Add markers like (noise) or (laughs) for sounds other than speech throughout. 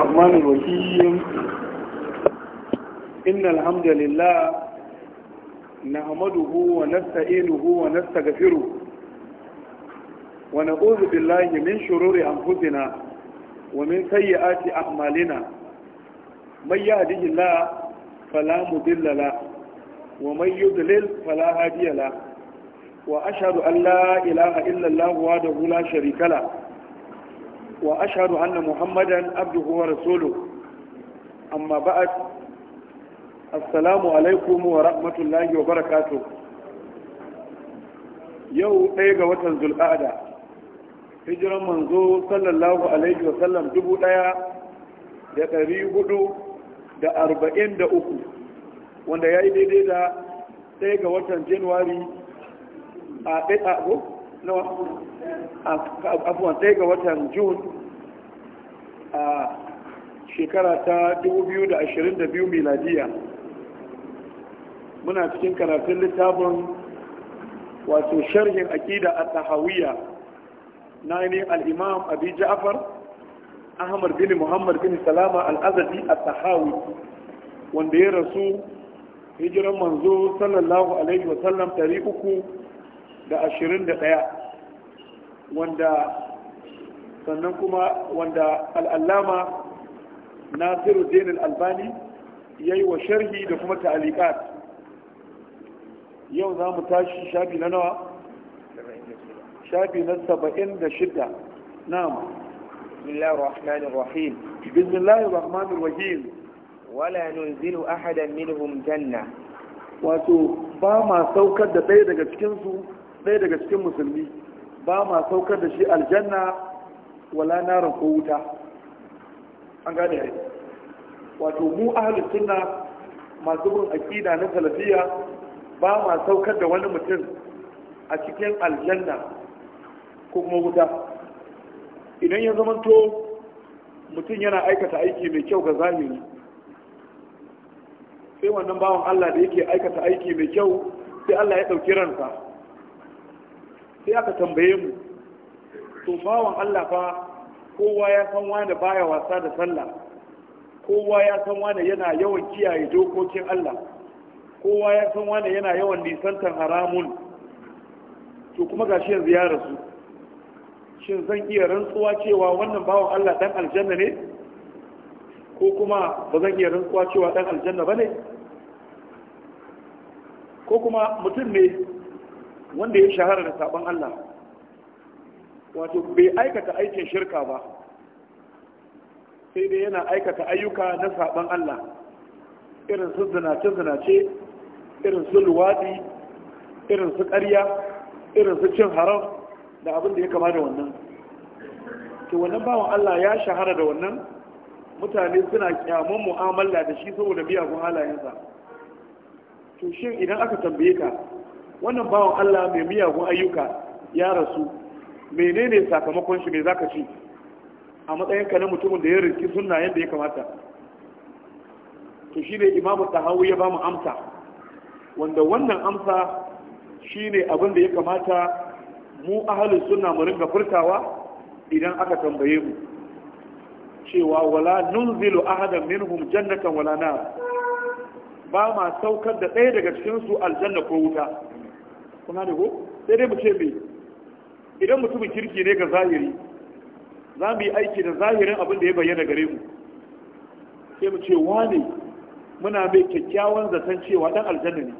الرحمن الرحيم إن الحمد لله نعمده ونستعينه ونستغفره ونعوذ بالله من شرور أنفسنا ومن سيئات أعمالنا من يهده الله فلا مضل له ومن يضلل فلا هادي له وأشهد أن لا إله إلا الله وحده لا شريك له wa ashahadu anna muhammadan abduhu wa rasulu amma ba'ad assalamu alaikum wa rahmatullahi wa barakatuh yau ɗaya ga watan zulqa'ada hijiran manzo sallallahu alaihi wa sallam dubu ɗaya da ɗari hudu da arba'in da uku wanda ya yi daidai da ɗaya ga watan januwari a ɗaya nawa abuwan ɗaya ga watan june a shekara ta 2022 miladiya muna cikin karatun littafin wato sharhin akida a tahawiyya na ne al'imam abu ja'afar ahmad bin muhammad bin salama al'azadi a tahawi wanda ya rasu hijiran manzo sallallahu alaihi wasallam 321 wanda sannan kuma wanda al'allama nasiru denin albani ya yi wa sharhi da kuma ta'alikat yau za mu tashi shafi na nawa shafi na saba'in da shida nama bismillahirrahmanirrahim bismillahirrahmanirrahim wala nunzilu ahadan minhum janna wato ba ma saukar da ɗaya daga cikinsu ɗaya daga cikin musulmi ba ma saukar da shi aljanna wala narin ko wuta an gane ne wato mu ahalin sunna masu bin akida na salafiya ba ma saukar da wani mutum a cikin aljanna ko kuma wuta idan ya zamanto mutum yana aikata aiki mai kyau ga zahiri sai wannan bawan Allah da yake aikata aiki mai kyau sai Allah ya ɗauki ransa sai aka tambaye mu to bawan Allah fa kowa ya san wani baya wasa da sallah kowa ya san wani yana yawan kiyaye dokokin Allah kowa ya san wani yana yawan nisantar haramun to kuma gashi yanzu ya rasu shin zan iya rantsuwa cewa wannan bawan Allah dan aljanna ne ko kuma ba zan iya rantsuwa cewa dan aljanna bane ko kuma mutum ne wanda ya shahara da sabon Allah wato bai aikata aikin shirka ba sai dai yana aikata ayyuka na sabon Allah irin su zinace-zinace irin su luwadi irin su ƙarya irin su cin haram da abin da ya kama da wannan to wannan bawan Allah ya shahara da wannan mutane suna kyamun mu'amala da shi saboda biyagun halayensa to shin idan aka tambaye ka wannan bawan Allah mai miyagun ayyuka ya rasu menene sakamakon shi mai zaka ci a matsayin ka na mutumin da ya riski sunna yadda ya kamata to shi ne imamu tahawi ya bamu amsa wanda wannan amsa shine abin da ya kamata mu ahalin sunna mu ringa furtawa idan aka tambaye mu cewa wala nunzilu ahadan minhum jannatan wala nar ba ma saukar da ɗaya daga cikin su aljanna ko wuta kuna ne ko sai dai mu ce me idan mutumin kirki ne ga zahiri za mu yi aiki da zahirin abin da ya bayyana gare mu sai mu ce wane muna mai kyakkyawan zaton cewa dan aljanna ne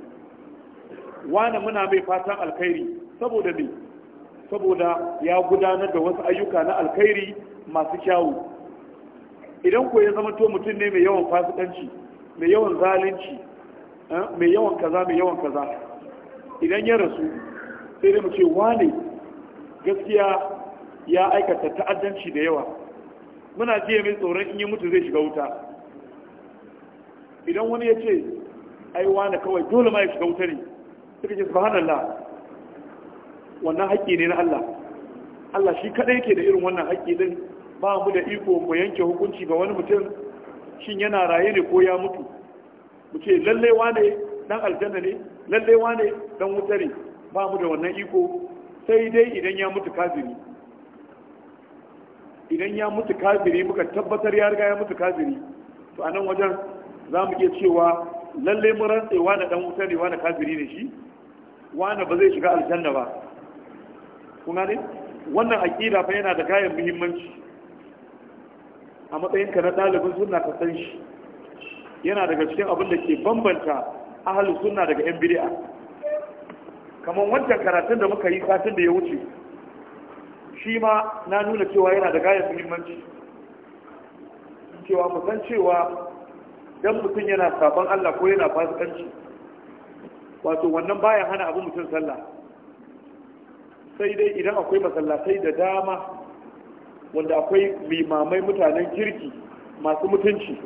wane muna mai fatan alkhairi saboda me saboda ya gudanar da wasu ayyuka na alkhairi masu kyawu idan ko ya zama to mutum ne mai yawan fasikanci mai yawan zalunci eh, mai yawan kaza mai yawan kaza idan ya rasu sai dai mu wane gaskiya ya aikata ta'addanci da yawa muna jiya mai tsoron in yi mutu zai shiga wuta idan wani ya ce ai wane kawai dole ma ya shiga wuta ne suka ce subhanallah wannan haƙƙi ne na Allah Allah shi kaɗai yake da irin wannan haƙƙi din ba mu da iko mu yanke hukunci ga wani mutum shin yana raye ne ko ya mutu mu ce lallai wane dan aljanna ne Lallai wane dan wutare ba mu da wannan iko sai dai idan ya mutu kafiri idan ya mutu kafiri muka tabbatar ya riga ya mutu kafiri to a nan wajen za mu iya cewa lallai mu rantse wane dan wutare wane kafiri ne shi wane ba zai shiga aljanna ba kuma ne wannan aƙida fa yana da kayan muhimmanci a matsayin ka na ɗalibin sunna ka san shi yana daga cikin abin da ke bambanta ahalu sunna daga yan bid'a kamar wancan karatun da muka yi satin da ya wuce shi ma na nuna cewa yana da gayar muhimmanci cewa mu san cewa dan mutum yana sabon Allah ko yana fasikanci wato wannan bayan hana abu mutum sallah sai dai idan akwai masallatai da dama wanda akwai limamai mutanen kirki masu mutunci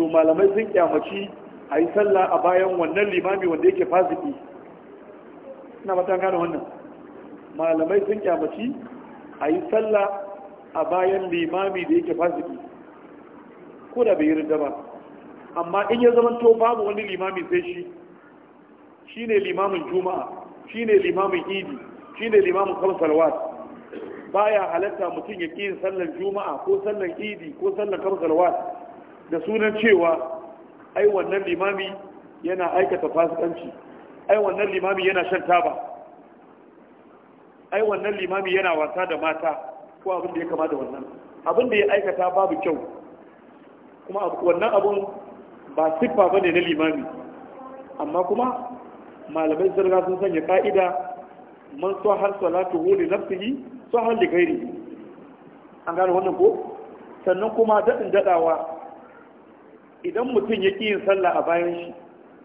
to malamai sun kyamaci a yi sallah a bayan wannan limami wanda yake fasiki ina matan gane wannan malamai sun kyamaci a yi sallah a bayan limami da yake fasiki ko da bai yi rinda ba amma in ya zama to babu wani limami sai shi shi ne limamin juma'a shi ne limamin idi shi ne limamin kamsalwat ya halatta mutum ya ƙi yin sallar juma'a ko sallar idi ko sallar kamsalwat da sunan cewa ai wannan limami yana aikata fasikanci ai wannan limami yana shan taba ai wannan limami yana wasa da mata ko abin da ya kama da wannan abin da ya aikata babu kyau kuma wannan abun ba siffa ba ne na limami amma kuma malamai zirga sun sanya ka'ida man so har salatu hu li nafsihi so har li an gane wannan ko sannan kuma dadin dadawa idan mutum ya ƙi yin sallah a bayan shi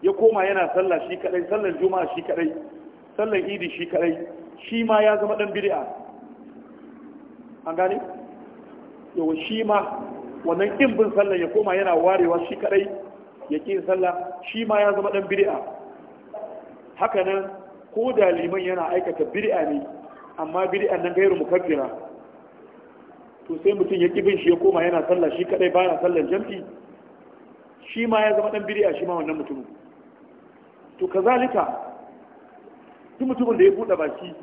ya koma yana sallah shi kadai sallar juma'a shi kadai sallar idi shi kadai shi ma ya zama dan bid'a an gane Yau shi ma wannan kin bin sallar ya koma yana warewa shi kadai ya yin sallah shi ma ya zama dan bid'a haka nan ko da liman yana aikata bid'a ne amma bid'a nan gairu mukaffira to sai mutum ya bin shi ya koma yana sallah shi kadai baya sallar jami'i shi ma ya zama dan bid'a shi ma wannan mutumin to kazalika duk mutumin da ya buɗe baki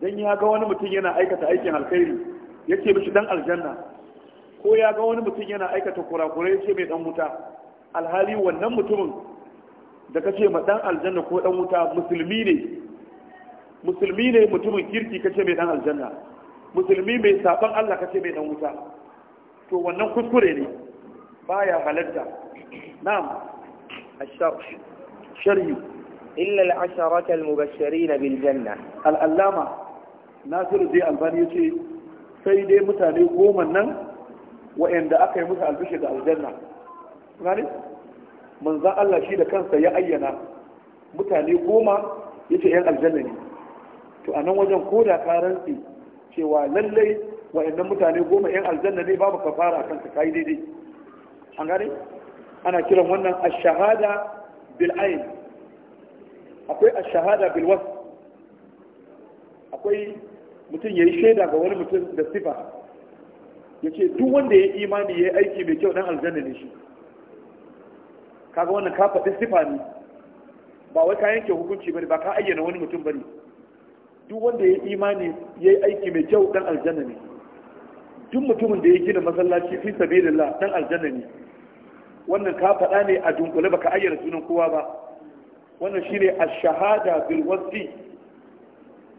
dan ya ga wani mutum yana aikata aikin alkhairi ce mishi dan aljanna ko ya ga wani mutum yana aikata ya ce mai dan wuta alhali wannan mutumin da kace ma dan aljanna ko dan wuta musulmi ne musulmi ne mutumin kirki kace mai dan aljanna musulmi mai sabon Allah kace mai dan wuta to wannan kuskure ne baya halatta نعم الشرح شري إلا العشرة المبشرين dai الألامة ناصر زي البانيتي سيدي متاني قوما نن وإن دا أكي متى البشر الجنة gane manzan Allah shi da kansa ya ayyana mutane goma ya ce ‘yan aljanna ne to a nan wajen ko da ka rantsi cewa lallai wa'annan mutane goma ‘yan aljanna ne babu kafara a kanka kayi daidai an gane ana kiran wannan ashahada shahada bil ayn akwai ashahada shahada bil wasf akwai mutum yayi shaida ga wani mutum da sifa yace duk wanda ya imani yi aiki mai kyau dan aljanna ne shi kaga wannan ka faɗi sifa ne ba wai ka yanke hukunci bane ba ka ayyana wani mutum bane duk wanda ya imani ya yi aiki mai kyau dan aljanna ne duk mutumin da ya gina masallaci fi sabilillah dan aljanna ne wannan ka faɗa ne a dunkule baka ayyana sunan kowa ba wannan shine ash-shahada bil wasfi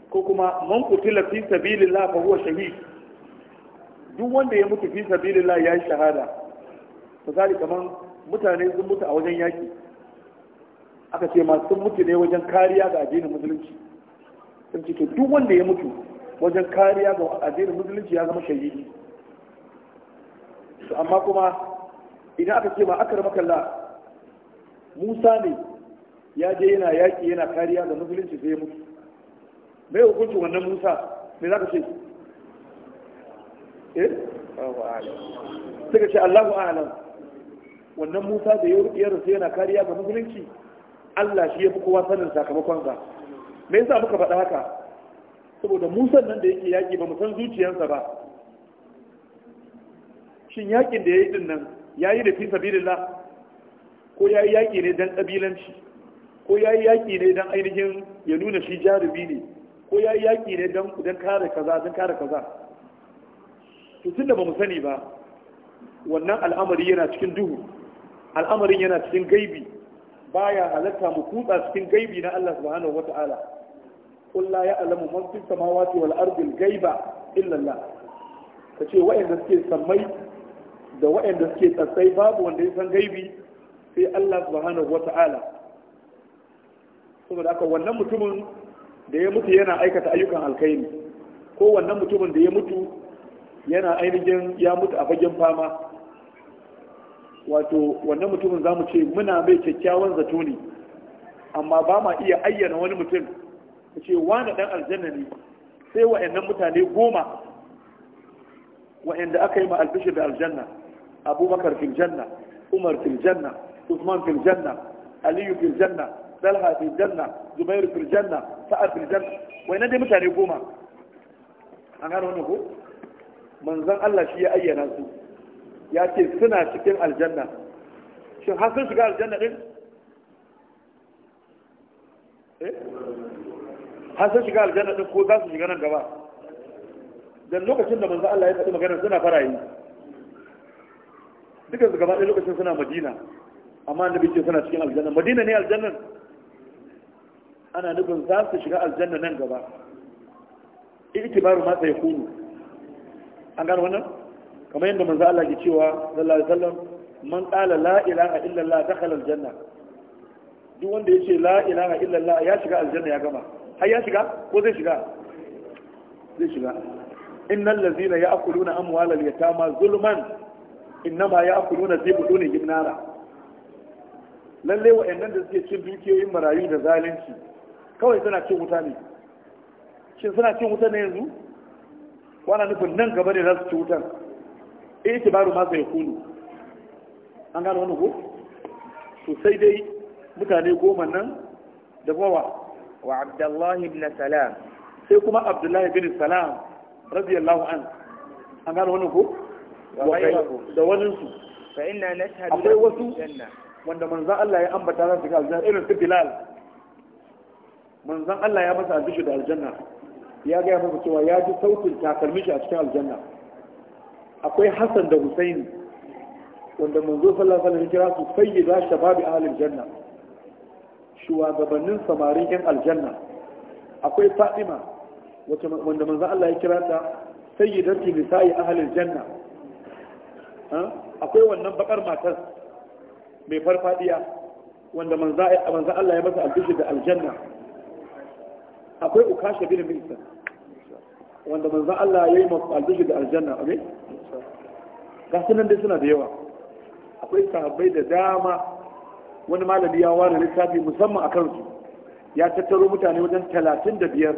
ko kuma man qutila fi sabilillah fa huwa shahid duk wanda ya mutu fi sabilillah ya yi shahada misali kaman mutane sun mutu a wajen yaki aka ce ma sun mutu ne wajen kariya ga addinin musulunci sun ce to duk wanda ya mutu wajen kariya ga addinin musulunci ya zama shahidi amma kuma idan aka ce ma rama kalla. musa ne ya je yana yaƙi yana kariya da musulunci sai ya mutu mai hukuncin wannan musa me za ka ce eh suka ce allahu alam wannan musa da ya rasu yana kariya ga musulunci allah shi ya fi kowa sanin sakamakon sa me yasa muka faɗa haka saboda Musa nan da yake yaƙi ba mu san zuciyarsa ba shin yaƙin da ya yi din nan Ya yi da fi sabilillah ko ya yi yaƙi ne don kabilanci ko ya yi yaƙi ne don ainihin ya nuna shi jarumi ne ko ya yi yaƙi ne don kare kaza Don kare kaza to ba mu sani ba wannan al'amari yana cikin duhu al'amarin yana cikin gaibi baya halatta mu kutsa cikin gaibi na Allah subhanahu wata'ala qul la ya'lamu man fis samawati wal ardi al-ghaiba illa Allah kace wa'anda suke sammai da waɗanda suke tsatsai babu wanda ya san gaibi sai Allah subhanahu wata'ala saboda haka wannan mutumin da ya mutu yana aikata ayyukan alkhairi ko wannan mutumin da ya mutu yana ainihin ya mutu a fagen fama wato wannan mutumin za mu ce muna mai kyakkyawan zato ne amma ba ma iya ayyana wani mutum mu ce wani dan aljanna ne sai waɗannan mutane goma waɗanda aka yi ma albishir da aljanna abubakar fil janna umar fil janna usman fil janna aliyu fil janna talha fil janna zubairu fil janna sa'ad fil janna wai na dai mutane goma an gano wannan ko manzon Allah shi ya ayyana su ya ce suna cikin aljanna shin har sun shiga aljanna din eh har sun shiga aljanna din ko za su shiga nan gaba dan lokacin da manzan Allah ya faɗi maganar suna fara yi duka su gaba ɗaya lokacin suna madina amma annabi ce suna cikin aljanna madina ne aljannan ana nufin za su shiga aljanna nan gaba itibaru ma ya kunu an gano wannan kamar yadda manzo Allah ke cewa sallallahu alaihi wasallam man qala la ilaha illallah dakhala aljanna duk wanda yace la ilaha illallah ya shiga aljanna ya gama har ya shiga ko zai shiga zai shiga innal ladzina ya'kuluna amwalal yatama zulman innama ya akulu na zai buɗo ne gimnara lalle wa'annan da suke cin dukiyoyin marayu da zalunci kawai suna cin wuta ne shin suna cin wuta ne yanzu wana nufin nan gaba ne za su ci wutan eh baro ma ya kunu an gano wannan ko to sai dai mutane goma nan da bawa wa abdullahi ibn salam sai kuma abdullahi ibn salam radiyallahu an an gano wannan ko da waninsu akwai wasu wanda manzan Allah ya ambata za su ga aljanna irin su Bilal manzan Allah ya masa albishi da aljanna ya gaya masa cewa ya ji sautin shi a cikin aljanna akwai Hassan da Husaini wanda manzo sallallahu alaihi wasallam kira su sayyida shababi ahlil janna shugabannin samarin yan aljanna akwai Fatima wanda manzan Allah ya kira ta sayyidatu nisa'i ahlil janna akwai wannan bakar matar mai farfadiya wanda manzan Allah ya masa albishi da aljanna akwai ukasha bin minsan wanda manzan Allah ya yi masa albishi da aljanna amin ga dai suna da yawa akwai sahabbai da dama wani malami ya ware littafi musamman a kansu ya tattaro mutane wajen talatin da biyar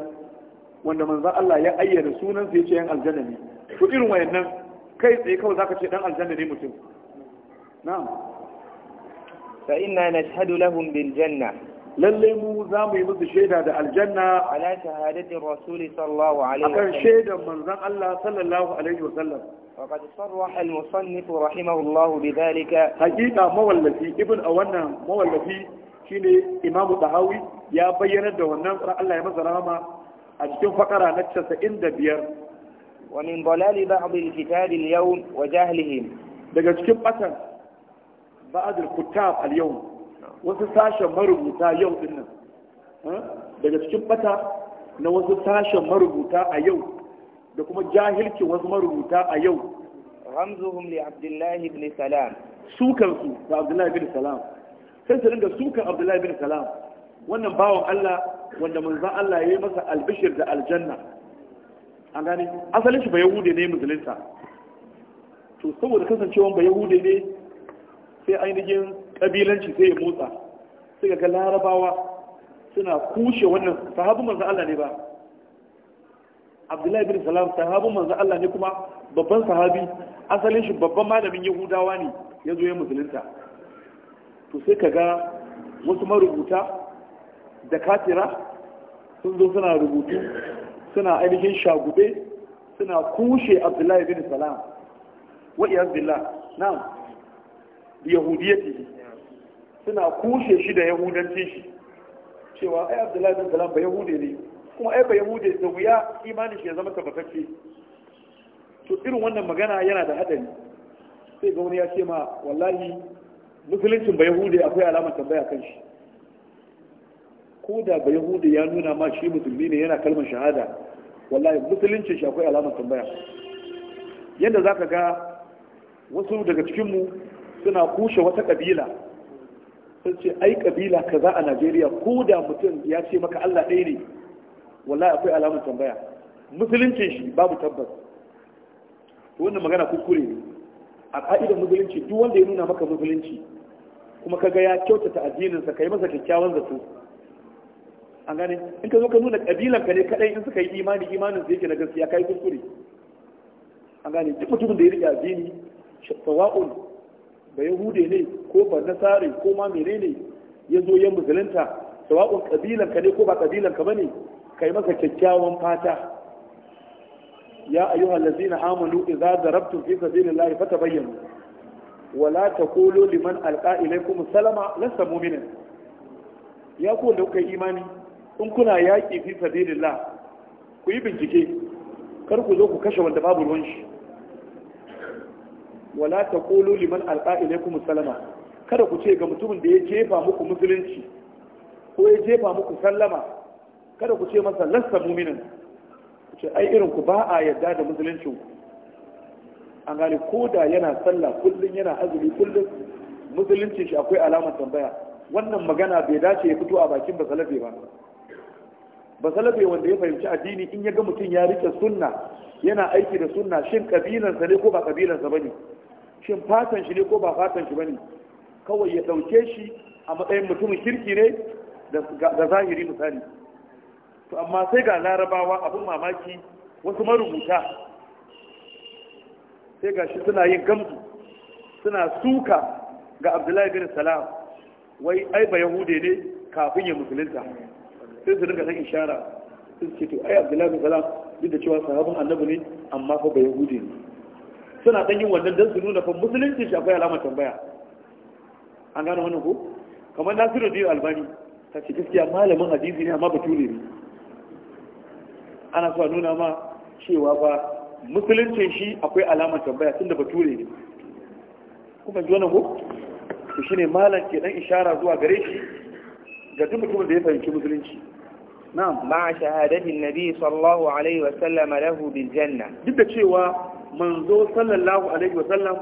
wanda manzan Allah ya ayyana sunan ya ce yan aljanna ne ku irin wayannan kai tsaye kawai zaka ce dan aljanna ne mutum na'am fa inna nashhadu lahum bil janna lalle mu za mu yi musu shaida da aljanna ala shahadati rasul sallallahu alaihi wasallam akan shaidan manzon Allah sallallahu alaihi wasallam وقد صرح المصنف رحمه الله بذلك حقيقة مولفي ابن أولا مولفي شيني إمام الطهاوي يا بينا دوانا الله يمزل a cikin fakara na 95 ومن ضلال بعض الكتاب اليوم وجهلهم daga cikin batan ba'ad al-kuttab al-yawm wasu sashen marubuta yau din nan daga cikin bata na wasu sashen marubuta a yau da kuma jahilcin wasu marubuta a yau ramzuhum li abdullah ibn salam sukan su da abdullah ibn salam sai su dinga sukan abdullah ibn salam wannan bawan Allah wanda manzon Allah ya yi masa albishir da aljanna an gane asalin shi ba yahude ne musulunta to saboda kasancewa ba yahude ne sai ainihin kabilanci sai ya motsa sai ga larabawa suna kushe wannan sahabu manzan Allah ne ba Abdullahi bin Salam sahabu manzan Allah ne kuma babban sahabi asalin shi babban malamin Yahudawa ne ya zo ya musulunta to sai ka ga wasu marubuta da katira sun zo suna rubutu suna ainihin shagube suna kushe abdullahi bin salam wa iyaz billah na'am yahudiyyati suna kushe shi da yahudanci shi cewa ai abdullahi bin salam ba yahude ne kuma ai ba yahude da wuya imanin shi ya zama tabbatacce to irin wannan magana yana da hadari sai ga wani ya ce ma wallahi musuluncin ba yahude akwai alamar tambaya kan shi ko da ba yahudu ya nuna ma shi musulmi ne yana kalmar shahada wallahi musulunci shi akwai alamar tambaya yadda za ka ga wasu daga cikinmu suna kushe wata kabila sun ce ai kabila kaza a najeriya ko da mutum ya ce maka allah ɗaya ne wallahi akwai alamar tambaya musulunci shi babu tabbas wannan magana kukure ne a ka'idar musulunci duk wanda ya nuna maka musulunci kuma kaga ya kyautata addininsa kai masa kyakkyawan zato an gane in ka zo ka nuna kabilan ka ne kadai in suka yi imani imanin su yake na gaskiya kai kuskure an gane duk mutumin da ya riƙe addini sawa'un ba yahude ne ko ba nasare ko ma menene ya zo ya musulunta sawa'un kabilan ka ne ko ba kabilan ka bane kai masa kyakkyawan fata ya ayyuhal ladzina amanu idza darabtum fi sabilillahi fatabayyanu wala taqulu liman alqa ilaykum salama lasta mu'minan ya ku da kai imani in kuna yaƙi fi sabilillah ku yi bincike kar ku zo ku kashe wanda babu ruwan shi wala taqulu liman alqa ilaykum salama kada ku ce ga mutumin da ya jefa muku musulunci ko ya jefa muku sallama kada ku ce masa lasta mu'minin ku ce ai irin ku ba a yarda da musuluncin ku an gane ko da yana sallah kullum yana azumi kullum musulunci shi akwai alamar tambaya wannan magana bai dace ya fito a bakin basalafe ba ba wanda ya fahimci addini in ya ga mutum ya rike sunna yana aiki da sunna shin kabilansa ne ko ba kabilansa bane shin fatan shi ne ko ba fatan shi bane kawai ya dauke shi a matsayin mutumin kirki ne da zahiri misali to amma sai ga larabawa abin mamaki wasu marubuta sai ga shi suna yin gamsu suna suka ga abdullahi bin salam wai ai ba yahude ne kafin ya musulunta sai su rinka san ishara sai su ce to ai abdullahi bin salam duk da cewa sahabin annabi ne amma fa ba yahudi ne suna dan yin wannan dan su nuna fa musulunci shi akwai alamar tambaya an gano wannan ko kamar nasiru biyu albani ta ce gaskiya malamin hadisi ne amma bature ne ana so a nuna ma cewa ba musuluncin shi akwai alamar tambaya tun da bature ne kuma ji wannan ko shi ne malam ke dan ishara zuwa gare shi ga duk mutumin da ya fahimci musulunci na'am ma shahadatin nabi wa sallam lahu bil janna duk da cewa manzo sallallahu alaihi wa sallam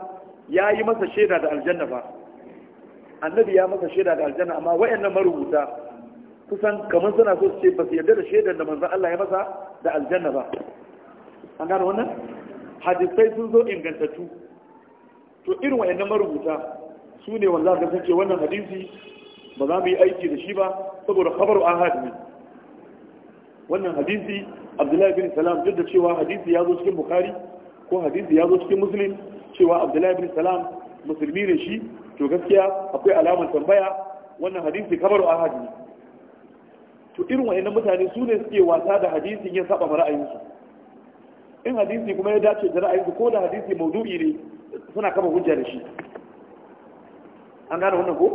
yayi masa shaida da aljanna annabi ya masa shaida da aljanna amma wayannan marubuta kusan kamar suna so su ce ba su yarda da shaidar da manzo Allah ya masa da aljanna ba an wannan hadisai sun zo ingantattu to irin wayannan marubuta su ne wanda za ka wannan hadisi ba za mu yi aiki da shi ba saboda khabaru ahad ne wannan hadisi abdullahi bin salam duk da cewa hadisi ya zo cikin bukari ko hadisi ya zo cikin muslim cewa abdullahi bin salam musulmi ne shi to gaskiya akwai alamar tambaya wannan hadisi kamar ahadi to irin wa'annan mutane su ne suke wasa da hadisi ya saba ra'ayinsu in hadisi kuma ya dace da ra'ayinsu ko da hadisi maudu'i ne suna kama hujja da shi an gane wannan ko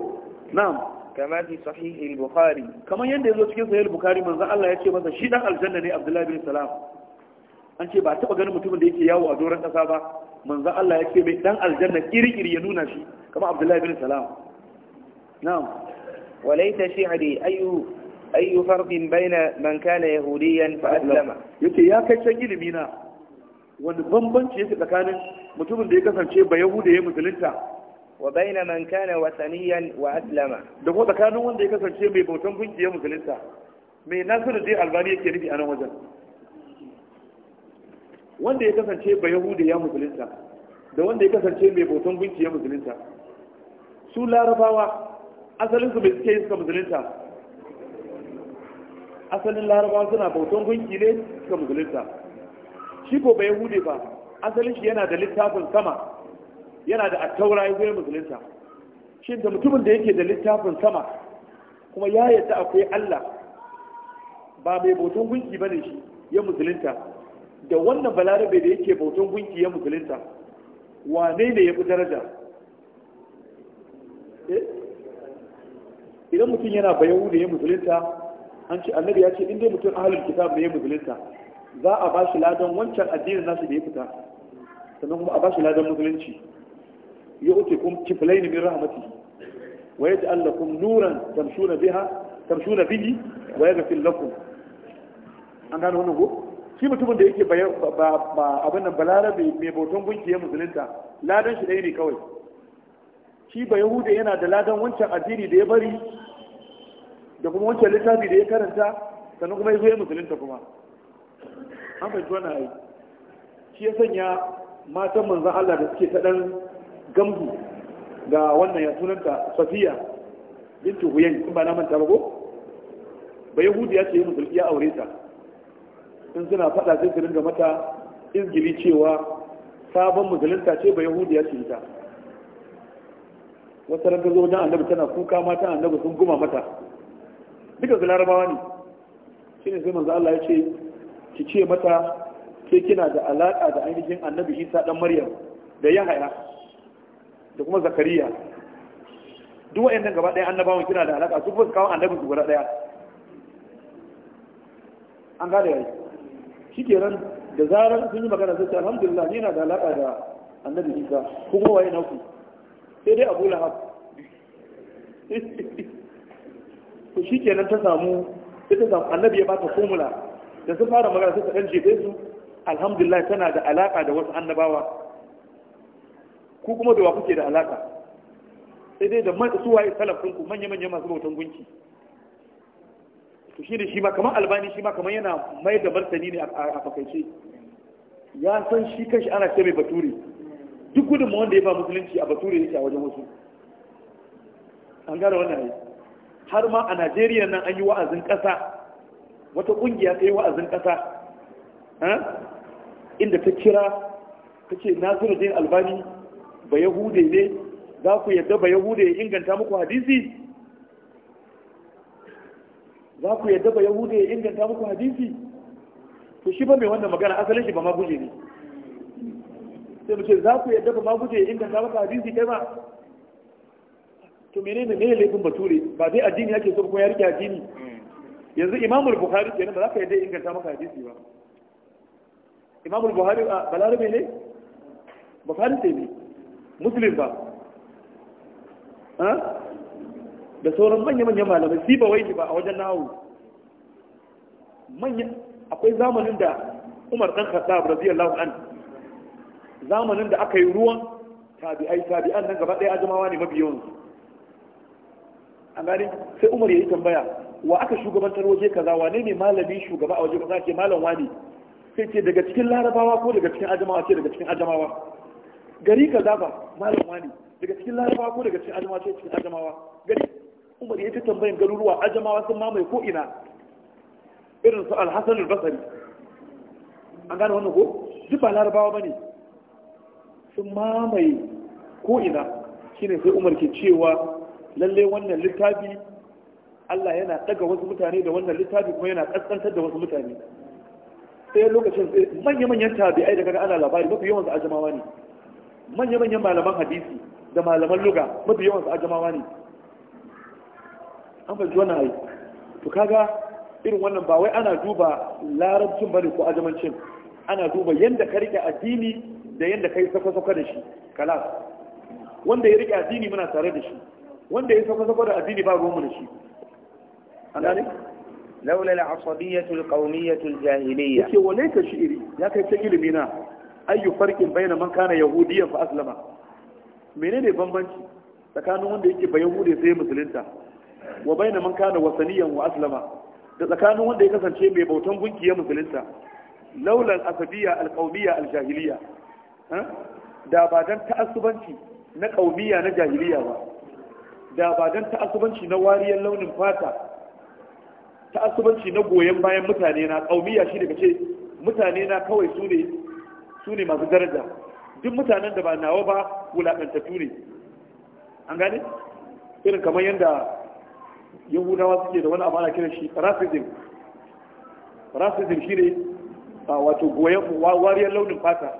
na'am kama fi sahih al-bukhari kamar yadda yazo cikin sahih al-bukhari manzo Allah ya ce masa shi dan aljanna ne Abdullah bin Salam an ce ba taba ganin mutumin da yake yawo a doran kasa ba manzo Allah ya ce mai dan aljanna kirkiri ya nuna shi kamar Abdullah bin Salam na'am walaysa shi'ri ayu ayu farqin baina man kana yahudiyan fa aslama yace ya kai can ilimi na wani bambanci yake tsakanin mutumin da ya kasance ba yahuda ya musulunta wa bayna man kana wataniyan wa aslama da ko tsakanin wanda ya kasance mai bautan gunki musulunta mai nasiru dai albani yake nufi a nan wajen wanda ya kasance ba yahudi ya musulunta da wanda ya kasance mai bautan gunki musulunta su larabawa asalin su mai suke yi suka musulunta asalin larabawa suna bautan gunki ne suka musulunta shi ko ba yahudi ba asalin shi yana da littafin sama yana da attaura ya zai musulunta shin da mutumin da yake da littafin sama kuma ya yadda akwai Allah ba mai bautan gunki ba ne shi ya musulunta da wannan balarabe da yake bautan gunki ya musulunta wane ne ya fi daraja eh? idan mutum yana bayan da ya musulunta an ce annabi ya ce inda mutum ahalin kitab ne ya musulunta za a ba shi ladan wancan addinin nasu da ya fita sannan kuma a ba shi ladan musulunci yu'tikum kiflayn min rahmatihi wa yaj'al lakum nuran tamshuna biha tamshuna bihi wa yaghfir lakum an gano wannan ko shi mutumin da yake ba abin nan balarabe mai bautan gunki ya musulunta ladan shi ɗaya ne kawai shi ba yahuda yana da ladan wancan addini da ya bari da kuma wancan littafi da ya karanta sannan kuma ya zo ya musulunta kuma an fahimci wannan ai shi ya sanya matan manzan Allah da suke ta ɗan gambu ga wannan ya sunanta safiya bintu huyen in ba na manta ba ko ba yahudi ya ce musulki ya aure ta in suna faɗa sai su ringa mata izgili cewa sabon musulunta ce ba yahudi ya ce ta wata ranka zo wajen annabi tana kuka mata annabi sun guma mata duka su larabawa ne shi ne sai manzo Allah ya ce ki ce mata ke kina da alaƙa da ainihin annabi isa dan maryam da yahaya da kuma zakariya duk nan gaba ɗaya annabawan suna da alaka su fuska kawo annabin su guda ɗaya an gane yayi shi ke ran da zarar sun yi magana sai alhamdulillah ni na da alaka da annabi Isa kuma waye na ku sai dai Abu Lahab (laughs) to shi kenan ta samu ita ta samu annabi ya bata formula da sun fara magana sai ta dan jefe su alhamdulillah tana da alaka da wasu annabawa ku kuma da wa kuke da alaka sai dai da su waye salafin ku manya-manya masu bautan gunki to shi da shi ma kamar albani shi ma kamar yana mai da martani ne a fakaice ya san shi kanshi ana ce mai bature duk gudunmu wanda ya ba musulunci a bature yake a wajen wasu an gane wannan ne har ma a najeriya nan an yi wa'azin ƙasa wata ƙungiya ta yi wa'azin ƙasa inda ta kira ta ce nasiru jane albani ba yahude ne za ku yadda ba yahude ya inganta muku hadisi za ku yadda ba yahude ya inganta muku hadisi to shi ba mai wannan magana asalin shi ba ma guje ne sai mu ce za ku yadda ba ma guje ya inganta muku hadisi kai ba? to menene ne laifin bature ba dai addini yake so kuma ya rike addini yanzu imamul bukhari kenan ba za ka yadda inganta muku hadisi ba imamul bukhari a balarabe ne bukhari sai ne Musulun ba da sauran manya manya malamai si ba wai ba a wajen nahawu manya akwai zamanin da umar dan khattab radiyallahu an zamanin da aka yi ruwan tabi'ai tabi'an nan gaba ɗaya ajamawa ne mabiyon an gani sai umar ya yi tambaya wa aka shugabantar waje kaza wane ne malami shugaba a waje kaza ke malam wani sai ce daga cikin larabawa ko daga cikin ajamawa ce daga cikin ajamawa gari kaza ba malam ne daga cikin larabawa ko daga cikin ajamawa ko cikin ajamawa gari umar ya ta tambayin garuruwa ajamawa sun mamaye ko ina irin su alhassan albasari an gane wannan ko duk ba larabawa ba ne sun mamaye ko ina shine sai umar ke cewa lalle wannan littafi Allah yana daga wasu mutane da wannan littafi kuma yana kaskantar da wasu mutane sai lokacin manya-manyan tabi'ai daga ana labari mafi yawan su ajamawa ne manya-manyan malaman hadisi da malaman luga mafi yawan su ajamawa ne an fahimci wannan ai to kaga irin wannan ba wai ana duba larabcin bane ko ajamancin ana duba yadda ka rike addini da yadda ka yi sakwa da shi kalas wanda ya rike addini muna tare da shi wanda ya yi sakwa da addini ba mu da shi an gane laula al-asabiyyatu al-qawmiyyatu al-jahiliyya yake wale ka shi iri. ya kai ta ilimi na ayyu farkin bayyana man kana Yahudiyan fa aslama menene bambanci tsakanin wanda yake ba yahude sai musulunta wa bayyana man kana wasaniyan wa aslama da tsakanin wanda ya kasance mai bautan gunki ya musulunta laula al-asabiyya al-qawmiyya al-jahiliyya da ba dan ta'assubanci na qawmiyya na jahiliyya ba da ba dan ta'assubanci na wariyar launin fata ta'assubanci na goyen bayan mutane na qawmiyya shi daga ce mutane na kawai su ne su ne masu daraja duk mutanen da ba nawa ba wulaƙantattu ne an gane irin kamar yadda yahudawa suke da wani abu ana kiran shi rasism rasism shi ne wato goyon wariyar launin fata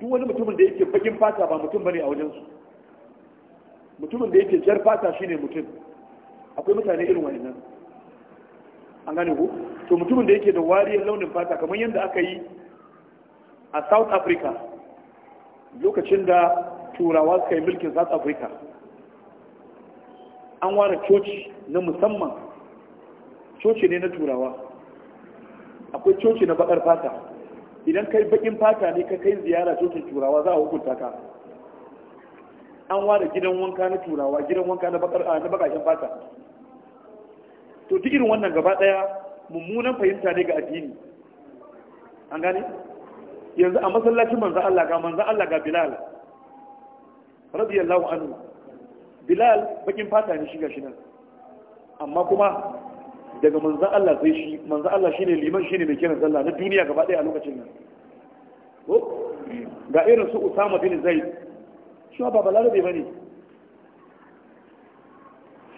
duk wani mutumin da yake bakin fata ba mutum bane a wajensu mutumin da yake jar fata shi ne mutum akwai mutane irin wannan an gane ku to mutumin da yake da wariyar launin fata kamar yadda aka yi a south africa lokacin da turawa suka yi mulkin south africa an ware coci na musamman coci ne na turawa akwai coci na bakar fata idan kai bakin fata ne ka kai ziyara cocin turawa za a hukunta ka an ware gidan wanka na turawa gidan wanka na bakakin ah, fata to duk irin wannan gaba daya mummunan fahimta ne ga addini an gane yanzu a masallacin manzo Allah ga manzo Allah ga Bilal radiyallahu anhu Bilal bakin fata ne shiga shi nan amma kuma daga manzo Allah sai shi manzo Allah shine liman shine mai kiran sallah na duniya gaba ɗaya a lokacin nan ga irin su Usama bin Zaid shi ba balarabe bane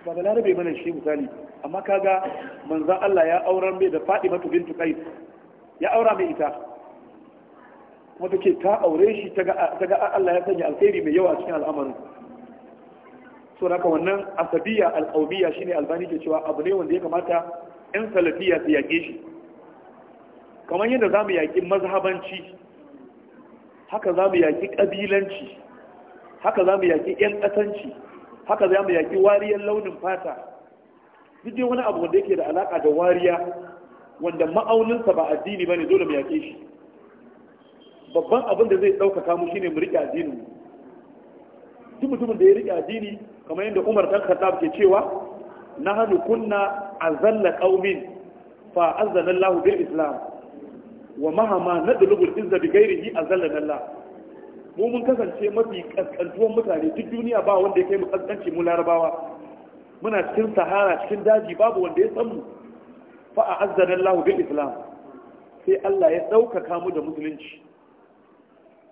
ba balarabe bane shi misali amma kaga manzo Allah ya auren bai da Fatima bintu Qais ya aura mai ita kuma ta ta aure shi ta ga Allah ya sanya alkhairi mai yawa cikin al'amarin so ka wannan asabiya al'aubiya shine albani ke cewa abu ne wanda ya kamata yan salafiya su yaƙe shi kamar yadda za mu yaƙi mazhabanci haka za mu yaƙi ƙabilanci haka za mu yaƙi yan ƙasanci haka za mu yaƙi wariyar launin fata duk wani abu wanda yake da alaƙa da wariya wanda ma'auninsa ba addini ba ne dole mu yaƙe shi babban abin da zai ɗaukaka mu shine mu riƙe addini duk mutumin da ya riƙe addini kamar yadda Umar dan Khattab ke cewa na hannu kunna azalla qaumin fa azana Allah bil Islam wa mahama nadlubul izza bi ghairihi azallana Allah mu mun kasance mafi kaskantuwan mutane duk duniya ba wanda ya kai mu kaskanci mu larabawa muna cikin sahara cikin daji babu wanda ya san mu fa azzana Allah bil Islam sai Allah ya ɗaukaka mu da musulunci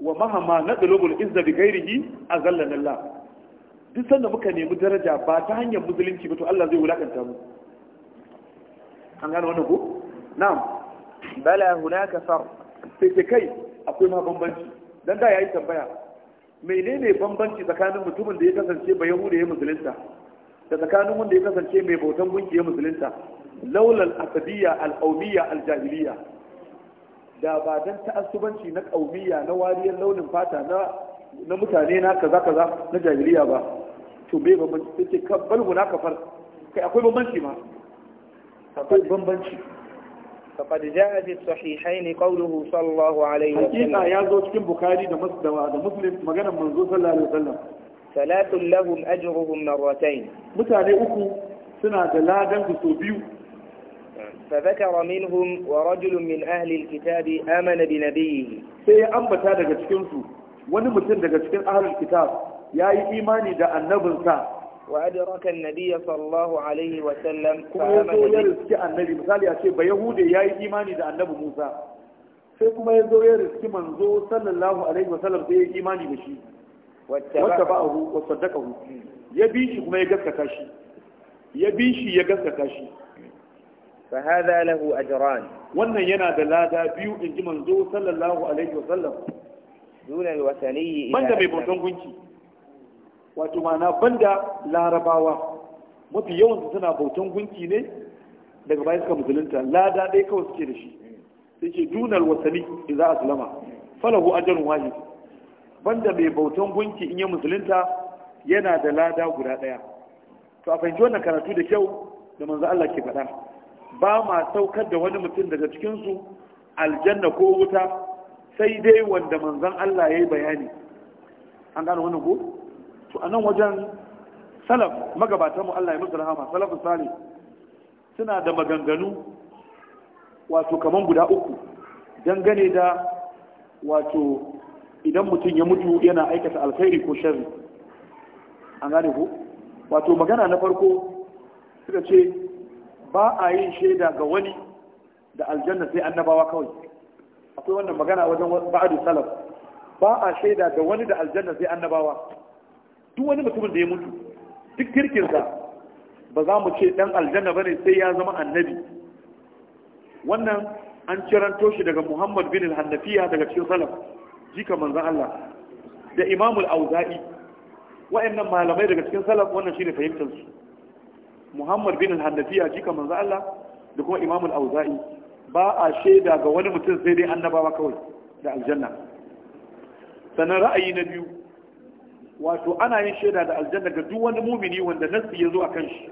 wa mahama na dalobul izza bi gairihi a zallan Allah duk sanda muka nemi daraja ba ta hanyar musulunci ba to Allah zai wulakanta mu an gano wannan ko na'am bala hunaka far sai kai akwai ma bambanci dan da yayi tambaya menene bambanci tsakanin mutumin da ya kasance ba yahuda ya musulunta da tsakanin wanda ya kasance mai bautan gunki ya musulunta laulal asabiyya al-qaumiyya al-jahiliyya da ba don ta'assubanci na ƙaumiyya na wariyar launin fata na mutane na kaza kaza na jahiliya ba to bai bambanci sai ce balgu na kafar kai akwai bambanci ma akwai bambanci faqad ja'a fi sahihayn qawluhu sallallahu alayhi wa sallam hakika ya zo cikin bukhari da muslim da muslim maganar manzo sallallahu alaihi wasallam salatun lahum ajruhum marratayn mutane uku suna da ladan su biyu فذكر منهم ورجل من أهل الكتاب آمن بنبيه سي أنبتا daga cikin wani mutum daga cikin ahlul kitab yayi imani da annabinsa wa adraka an-nabiy sallallahu alaihi wa sallam kuma ya riski annabi misali a ce ba yahude yayi imani da annabi Musa sai kuma ya zo ya riski manzo sallallahu alaihi wa sallam sai ya imani da shi ya bi shi kuma ya ya shi ya fa hadha lahu ajran wannan yana da lada biyu in ji manzo sallallahu alaihi wasallam dunal wasani banda mai bautan gunki wato mana banda larabawa mafi yawan su suna bautan gunki ne daga bayan suka musulunta lada ɗaya kawai suke da shi sai ce dunal wasani idza aslama falahu ajrun wahid banda mai bautan gunki in ya musulunta yana da lada guda ɗaya to a fahimci wannan karatu da kyau da manzo Allah ke faɗa ba ma saukar da wani mutum daga cikinsu aljanna ko wuta sai dai wanda manzan Allah ya yi bayani an gano wani ko? to a nan wajen salaf magabatanmu Allah ya musu rahama salafin sale suna da maganganu wato kaman guda uku dangane da wato idan mutum ya mutu yana aikata alkhairi ko sharri an gane ko wato magana na farko suka ce ba a yin shaida ga wani da aljanna sai annabawa kawai akwai wannan magana wajen ba'adu salaf ba a shaida ga wani da aljanna sai annabawa duk wani mutumin da ya mutu duk kirkinsa ba za mu ce dan aljanna ba ne sai ya zama annabi wannan an ciranto shi daga Muhammad bin al hannafiya daga cikin salaf jika manzon Allah da Imamul auzai wa'annan malamai daga cikin salaf wannan shine fahimtar su muhammad bin hannafiya jika manzo Allah da kuma imam al-auza'i ba a shaida ga wani mutum sai dai annabawa kawai da aljanna sannan ra'ayi na biyu wato ana yin shaida da aljanna ga duk wani mumini wanda nassi ya zo a kan shi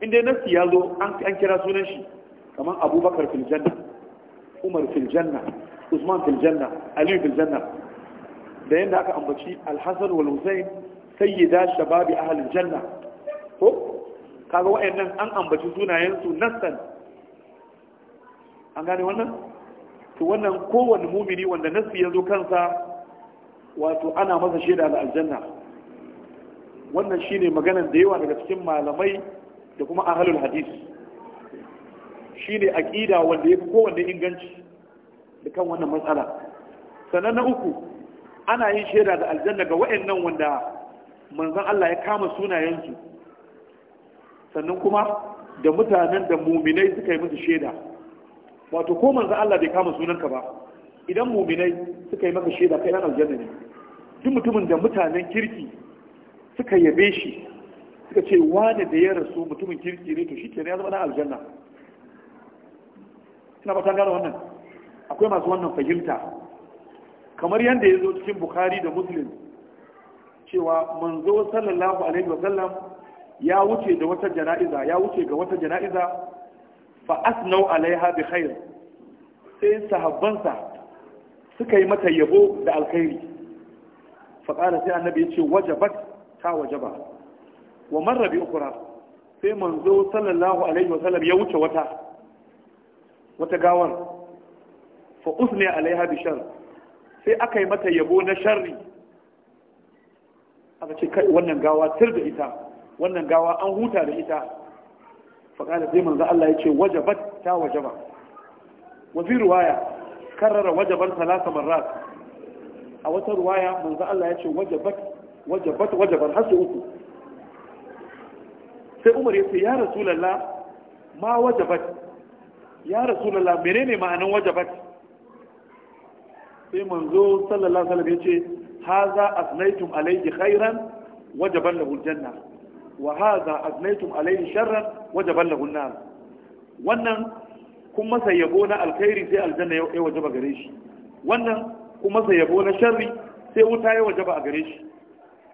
inda nassi ya zo an kira sunan shi kamar abubakar filjanna umar filjanna usman filjanna aliyu filjanna da yadda aka ambaci alhassan wal hussein sayyida shababi ahalin janna ko kaga wa'annan an ambaci sunayensu nassan an gane wannan to wannan kowanne mumini wanda nassi ya zo kansa wato ana masa shaida da aljanna wannan shine maganan da yawa daga cikin malamai da kuma ahlul hadis shine aqida wanda yake kowanne inganci da kan wannan matsala sanan na uku ana yin shaida da aljanna ga wa'annan wanda manzon Allah ya kama sunayensu sannan kuma da mutanen da muminai suka yi musu shaida wato ko manzo Allah bai kama sunanka ba idan muminai suka yi maka shaida kai nan aljanna ne duk mutumin da mutanen kirki suka yabe shi suka ce wani da ya rasu mutumin kirki ne to shi ya zama dan aljanna ina fata gano wannan akwai masu wannan fahimta kamar yadda ya zo cikin bukhari da muslim cewa manzo sallallahu alaihi wa sallam ya wuce da wata jana'iza ya wuce ga wata jana'iza fa asnau alaiha bi khair sai sahabbansa suka yi mata yabo da alkhairi fa qala sai annabi ya ce wajabat ta wajaba wa marra bi ukra sai manzo sallallahu alaihi wa sallam ya wuce wata wata gawar fa usni alaiha bi shar sai aka yi mata yabo na sharri aka ce kai wannan gawa tir da ita wannan gawa an huta da ita faƙada sai manzo Allah ya ce wajabat ta wajaba wafi ruwaya karrara wajaban talata marrat a wata ruwaya manzo Allah ya ce wajabat wajabat wajaban har uku sai Umar ya ce ya rasulullah ma wajabat ya rasulullah menene ma'anan wajabat sai manzo sallallahu alaihi wasallam ya ce haza asnaitum alayhi khairan wajaban lahu janna wa hadha aznaytum alayhi sharran wajaba lahu an wannan kun masa yabo na alkhairi sai aljanna ya wajaba gare shi wannan kun masa yabo na sharri sai wuta ya wajaba a gare shi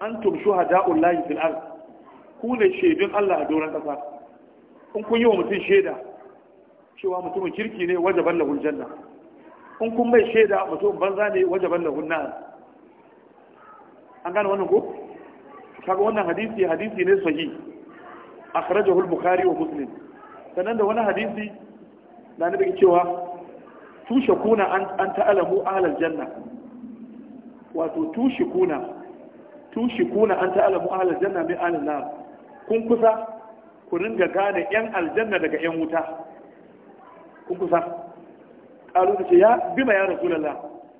antum shuhada'ul lahi fil ard ku ne shaidun Allah a doron kasa in kun yi wa mutum shaida cewa mutumin kirki ne ban lahu janna in kun bai shaida mutum banza ne wajaban lahu an gane wannan ko kaga wannan hadisi hadisi ne sahih akhrajahu al-bukhari wa muslim sanan da wani hadisi na nabi cewa tushe kuna an ta'alamu ahlal janna wato tushe kuna tushe kuna an ta'alamu ahlal janna min ahlil nar kun kusa ku ringa gane yan aljanna daga yan wuta kun kusa kalu ce ya bima ya rasulullah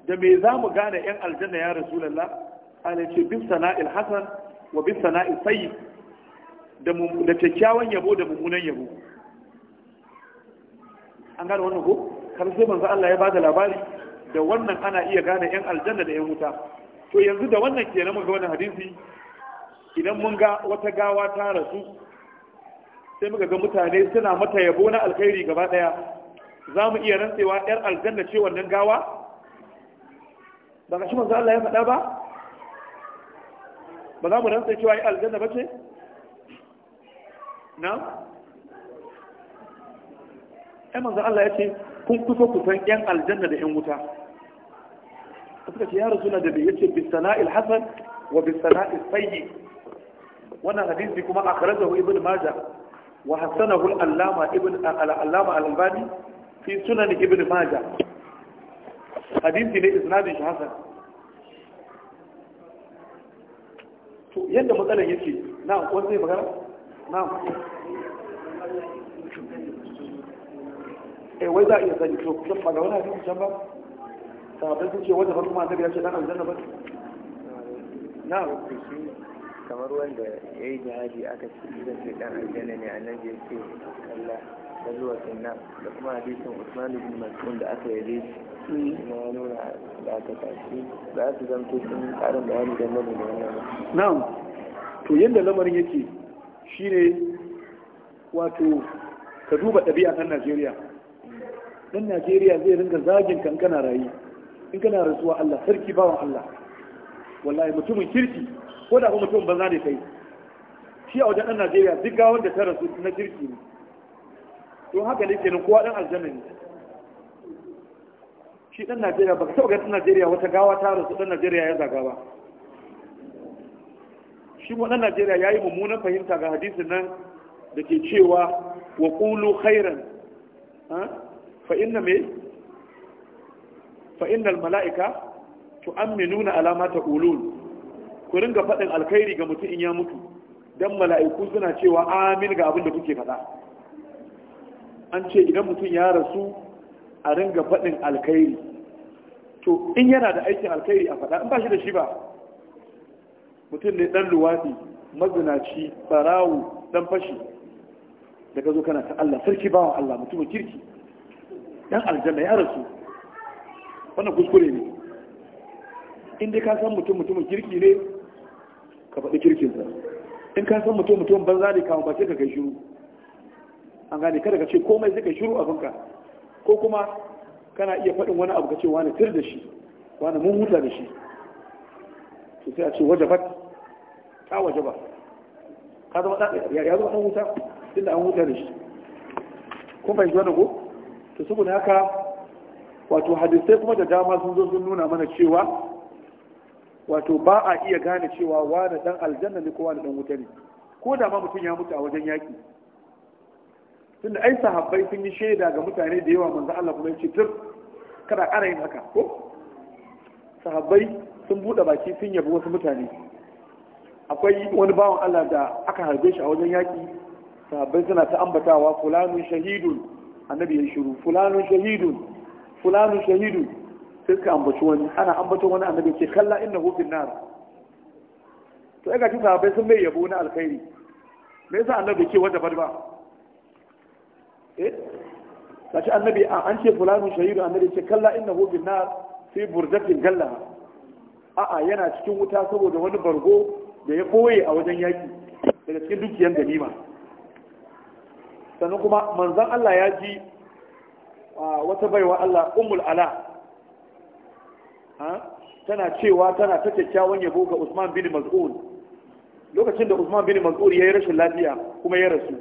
da me za mu gane yan aljanna ya rasulullah ala ce bin sana'il hasan wa bis sana'i sayyi da da kyakkyawan yabo da mummunan yabo an gane wannan ko kar sai manzo Allah ya bada labari da wannan ana iya gane yan aljanna da yan wuta to yanzu da wannan kenan mun ga wannan hadisi idan mun ga wata gawa ta rasu sai muka ga mutane suna mata yabo na alkhairi gaba daya za mu iya rantsewa yar aljanna ce wannan gawa ba ga shi manzo Allah ya faɗa ba ba za mu rantsa cewa yi aljanna ba ce? na? ɗan manzan Allah ya ce kun kusa kusan ‘yan aljanna da ‘yan wuta suka ce ya rasula da bai yace bisana'il hasan wa bisana'il sayyi wannan hadisi kuma a karajahu ibn majah wa Hassana al-allama ibn al-allama albani fi sunan ibn majah hadisi ne isnadin shi hasan to yadda matsalar yake na wani zai magana na eh wai za a iya zai to kusan ba ga wani hadisi can ba sahabbai sun ce wanda farko ma zai ya ce dan aljanna ba na kamar wanda ya yi jihadi aka ce zan ce dan aljanna ne a nan ce kalla da zuwa sinna da kuma hadisin usman ibn mas'ud da aka yi kuma nuna da aka tashi za su zamto sun karin bayani don da wannan na'am to yadda lamarin yake shine wato ka duba ɗabi'a ɗan Najeriya ɗan Najeriya zai ringa zagin in kana rayu in kana rasuwa Allah sarki bawan Allah wallahi mutumin kirki ko da kuma mutumin banza ne kai shi a wajen ɗan Najeriya duk gawar da ta rasu na kirki ne to haka ne kenan kowa ɗan aljanna ne shi dan najeriya ba ka taɓa ganin najeriya wata gawa ta rasu dan najeriya ya zaga ba shi mu dan najeriya ya yi mummunan fahimta ga hadisin nan da ke cewa wa ƙulu khairan fa inna me fa al mala'ika tu'minuna alama ta taqulun ku ringa faɗin alkhairi ga mutum in ya mutu dan mala'iku suna cewa amin ga abin da kuke faɗa an ce idan mutum ya rasu a ringa faɗin alkhairi to in yana da aikin alkairi a faɗa in ba shi da shi ba mutum ne ɗan luwaɗi mazinaci barawo ɗan fashi daga zo kana ta Allah sarki bawa Allah mutumin kirki ɗan aljanna ya rasu wannan kuskure ne in dai ka san mutum mutumin kirki ne ka faɗi kirkinsa in ka san mutum ban banza ne ba sai ka kai shiru an gane kada ka ce komai zai kai shiru abinka ko kuma kana iya faɗin wani abu ka ce wani tir da shi wani mun huta da shi to sai a ce wajabat ta waje ba. ka zama ɗaɗa ya zama an huta tunda an huta da shi kun fahimci wani ko to saboda haka wato hadisai kuma da dama sun zo sun nuna mana cewa wato ba a iya gane cewa wani dan aljanna ne ko wani dan wuta ne ko da ma mutum ya mutu a wajen yaki da ai sahabbai sun yi shaida ga mutane da yawa manzo Allah kuma yace tur kada ƙara yin haka ko sahabbai sun bude baki sun yabi wasu mutane akwai wani bawan Allah da aka harbe shi a wajen yaki sahabbai suna ta ambatawa fulanun shahidun annabi ya shiru fulanun shahidun fulanun shahidun sai ka ambaci wani ana ambaton wani annabi ce kalla innahu fin nar to ai ga sahabbai sun mai yabo na alkhairi me yasa annabi ke wanda ba kashi eh? annabi an ce fulanun shahidu annabi ce kalla innahu na na fi burdatin galla. a'a yana cikin wuta saboda wani bargo da ya koye a wajen yaki daga cikin dukiyar ganima sannan kuma manzan Allah ya ji wata baiwa Allah umul ala tana cewa tana ta kyakkyawan yabo ga Usman bin Mas'ud lokacin da Usman bin Mas'ud ya yi rashin lafiya kuma ya rasu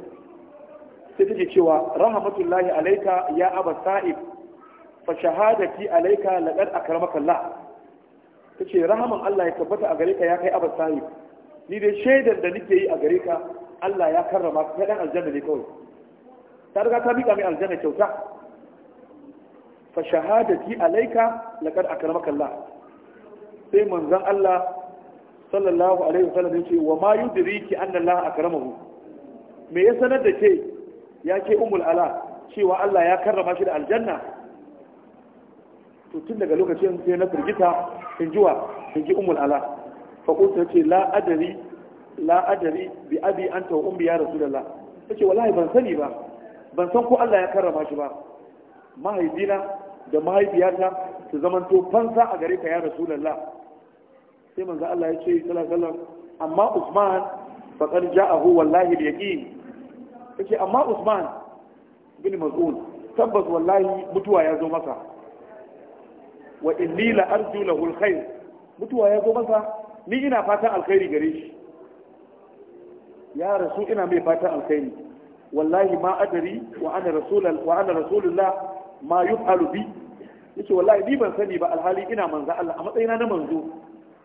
sai take cewa rahmatullahi alaika ya aba sa'ib fa shahadati alaika laqad akramaka Allah tace rahaman Allah ya tabbata a gare ka ya kai aba sa'ib ni dai shaidar da nake yi a gare ka Allah ya karrama ka dan aljanna ne kawai ta riga ta bika mai aljanna kyauta fa shahadati alaika laqad akramaka Allah sai manzon Allah sallallahu alaihi wasallam yace wa ma yudriki anna Allah akramahu me ya sanar da ke ya ke umul ala cewa Allah ya karrama shi da aljanna to tun daga lokacin sai na firgita in jiwa in ji umul ala fa ce la adari la adari bi abi wa ummi ya rasulullah tace wallahi ban sani ba ban san ko Allah ya karrama shi ba mahaifina da mahaifiyata su zamanto fansa a gare ka ya rasulullah sai manzo Allah ya ce sallallahu alaihi wasallam amma Usman faqad ja'ahu wallahi al-yaqin yace amma Usman bin Maz'un tabbas wallahi mutuwa ya zo masa wa inni la arju lahu alkhair mutuwa ya zo masa ni ina fatan alkhairi gare shi ya rasu ina mai fatan alkhairi wallahi ma adari wa ana rasulul wa ana rasulullah ma yuf'alu bi yace wallahi ni ban sani ba alhali ina manzo Allah a matsayina na manzo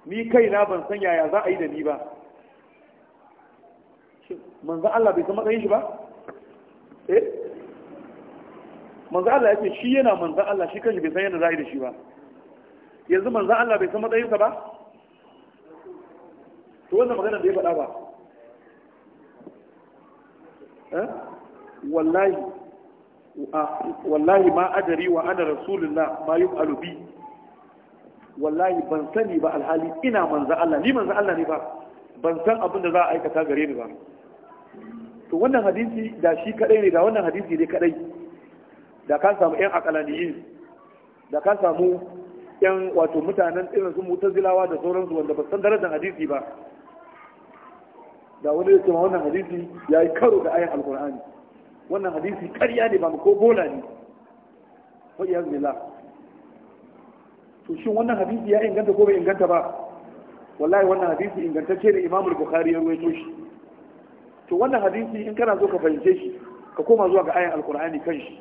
ni kaina ban san yaya za a yi da ni ba manzo Allah bai san matsayin shi ba Eh? manzo Allah ya ce shi yana manzo Allah shi kanshi bai san yadda za'i da shi ba yanzu manzo Allah bai san matsayinsa ba to wannan magana da ya faɗa ba eh wallahi wallahi ma adari wa ana rasulullah ma yuf'alu bi wallahi ban sani ba alhali ina manzo Allah ni manzo Allah ne ba ban san abin da za a aikata gare ni ba to wannan hadisi da shi kadai ne da wannan hadisi ne kadai da ka samu yan akalaniyi da ka samu yan wato mutanen irin su mutazilawa da sauransu wanda ba san darajar hadisi ba da wani yake wannan hadisi ya yi karo da ayin alkur'ani wannan hadisi karya ne ba ko bola ne wa iya billah to shin wannan hadisi ya inganta ko bai inganta ba wallahi wannan hadisi ingantacce ne imamul bukhari ya ruwaito shi to wannan hadisi in kana so ka fahimce shi ka koma zuwa ga ayan alkur'ani kan shi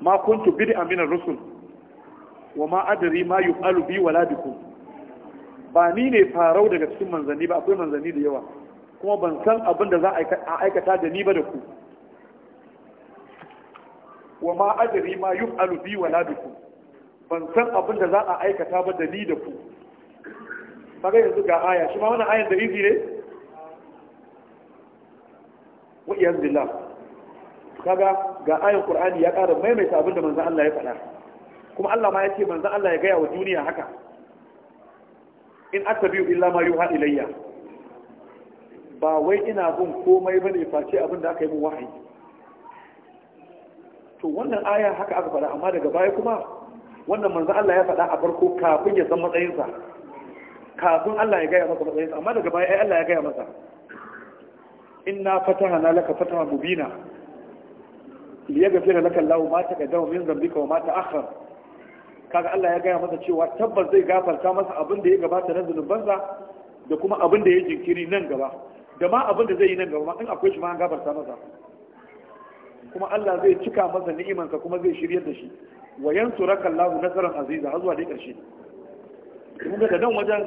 ma kuntu bid'a min rusul wa ma adari ma yi alubi, wa bikum ba ni ne farau daga cikin manzanni ba akwai manzanni da yawa kuma ban san abin da za a aikata da ni ba da ku wa ma adari ma yi alubi, wa bikum ban san abin da za a aikata ba da ni da ku ga yanzu ga aya shi ma wannan ayan da izi ne wa'iyar iyaz kaga ga ayin qur'ani ya ƙara maimaita abin da manzan Allah ya faɗa kuma Allah ma ya ce manzan Allah ya gaya wa duniya haka in biyu illa ma yuha ilayya ba wai ina bin komai ba ne face abin da aka yi min wahayi to wannan aya haka aka faɗa amma daga baya kuma wannan manzan Allah ya faɗa a farko kafin ya san matsayinsa kafin Allah ya gaya masa matsayinsa amma daga baya ai Allah ya gaya masa inna fatahana laka fatahan mubina liyaghfira laka Allahu ma taqaddama min dhanbika wa ma ta'akhkhar kaga Allah ya gaya masa cewa tabbas zai gafarta masa abin da ya gabata na zunubansa da kuma abin da ya jinkiri nan gaba da ma abin da zai yi nan gaba ma, in akwai shi ma an gafarta masa kuma Allah zai cika masa ni'imansa kuma zai shiryar da shi wa yansuraka Allahu nasaran aziza har zuwa dai karshe kuma da nan wajen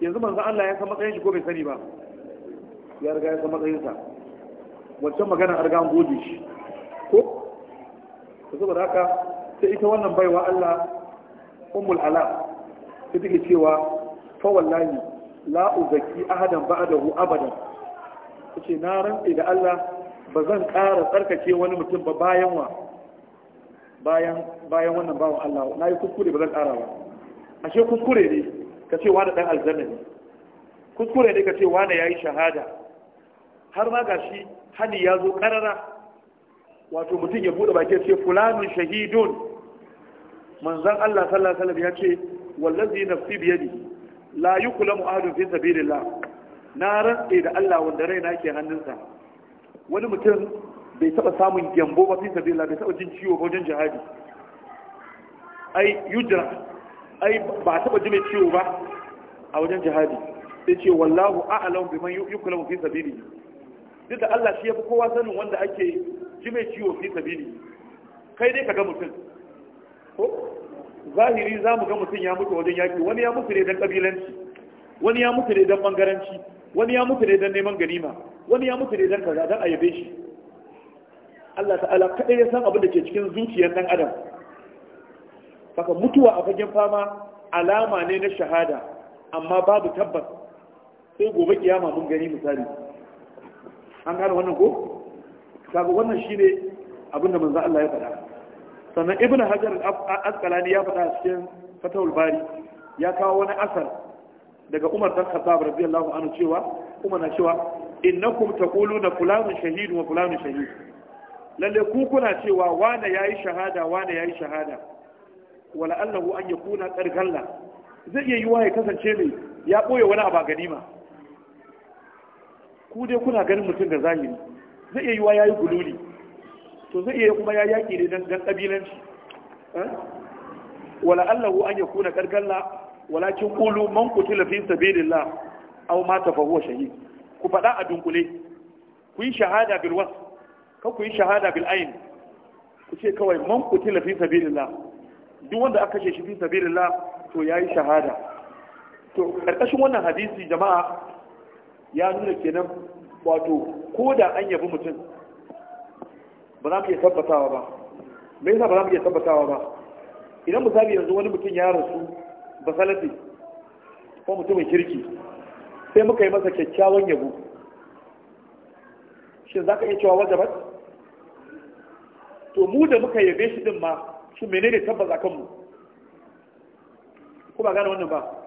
yanzu manzo Allah ya san matsayin shi ko bai sani ba ya riga ya san matsayinsa wancan magana a riga an goje shi ko saboda haka sai ita wannan baiwa Allah ummul ala ta take cewa fa wallahi la uzaki ahadan ba'dahu abadan ce na rantsi da Allah ba zan ƙara tsarkake wani mutum ba bayan wa bayan bayan wannan bawan Allah na yi kuskure ba zan ƙara ba ashe kuskure ne ka ce wani dan aljanna ne kuskure ne ka ce wa ya yayi shahada har ma gashi hani ya zo karara wato mutum ya bude baki ce fulanun shahidun manzan Allah sallallahu alaihi wasallam ya ce wallazi nafsi biyadihi la yukulamu ahadun fi sabilillah na rantsa da Allah wanda raina ke hannunsa wani mutum bai taba samun gyambo ba fi sabilillah bai taba jin ciwo ba wajen jihadi ai yujra ai ba taba jin ciwo ba a wajen jihadi sai ce wallahu a'lamu biman yukulamu fi sabilillah duk da Allah shi ya fi kowa sanin wanda ake ji mai ciwo fi sabili kai dai ka ga mutum ko zahiri za mu ga mutum ya mutu wajen yaki wani ya mutu ne don kabilanci wani ya mutu ne don bangaranci wani ya mutu ne don neman ganima wani ya mutu ne don kaza don ayyabe shi Allah ta'ala kaɗai ya san abin da ke cikin zuciyar ɗan adam saka mutuwa a fagen fama alama ne na shahada amma babu tabbas sai gobe kiyama mun gani misali an gane wannan ko kaga wannan shine abin da manzo Allah ya faɗa sannan ibn hajar al-asqalani ya faɗa cikin fatawul bari ya kawo wani asar daga umar dan khattab radiyallahu anhu cewa kuma na cewa innakum taquluna fulanu shahid wa fulanu shahid lalle ku kuna cewa wane yayi shahada wane yayi shahada wala allahu an yakuna qad zai iya yiwa ya kasance ne ya boye wani abu ganima ku dai kuna ganin mutum da zahiri zai iya yiwa ya yi gululi to zai iya kuma ya yaƙi ne don ƙabilanci eh? wala allahu an ya kuna ƙarƙalla kin ƙulu man kutila fi sabilillah aw mata ta huwa shahid ku faɗa a dunkule ku yi shahada bil was ka ku yi shahada bil ayn ku ce kawai man kutila fi sabilillah duk wanda aka kashe shi fi sabilillah to ya yi shahada to ƙarƙashin wannan hadisi jama'a ya nuna kenan wato ko da an yabi mutum ba za mu iya tabbatawa ba me yasa ba za mu iya tabbatawa ba idan misali yanzu wani mutum ya rasu ba salafi ko mai kirki sai muka yi masa kyakkyawan yabo shin za ka iya cewa wajabat to mu da muka yabe shi din ma shi menene tabbata kanmu ko ba gane wannan ba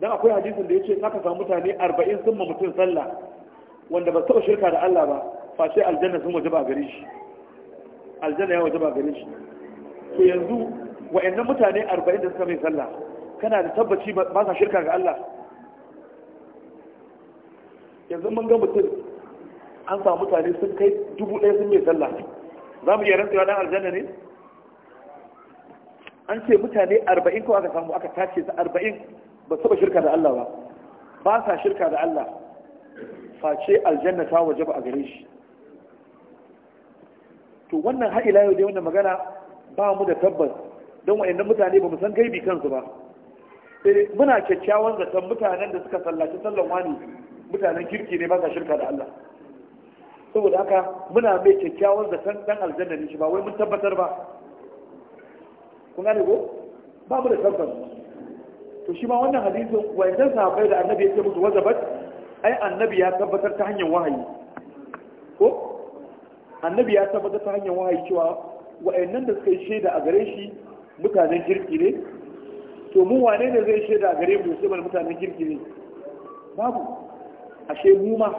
dan akwai hadisin da ce saka samu mutane 40 sun ma mutum sallah wanda ba taɓa shirka da Allah ba face aljanna sun waje ba gare shi aljanna ya waje ba gare shi to yanzu wa'annan mutane 40 da suka mai sallah kana da tabbaci ba sa shirka ga Allah yanzu mun ga mutum an samu mutane sun kai dubu ɗaya sun mai sallah za mu iya rantsuwa dan aljanna ne an ce mutane arba'in ko aka samu aka tace su arba'in ba su shirka da Allah ba ba sa shirka da Allah face aljanna ta waje ba a gare shi to wannan har ila yau dai wannan magana ba mu da tabbas don wayannan mutane ba mu san gaibi kansu ba sai muna kyakkyawan zaton mutanen da suka sallaci sallan wani mutanen kirki ne ba sa shirka da Allah saboda haka muna mai kyakkyawan zaton dan aljanna ne shi ba wai mun tabbatar ba kun gane ko ba mu da tabbas to shi ma wannan hadisin wayannan sahabbai da annabi ya ce musu wazabat ai annabi ya tabbatar ta hanyar wahayi ko annabi ya tabbatar ta hanyar wahayi cewa wayannan da suka yi shaida a gare shi mutanen kirki ne to mu wane ne zai shaida a gare mu sai mutanen kirki ne babu ashe mu ma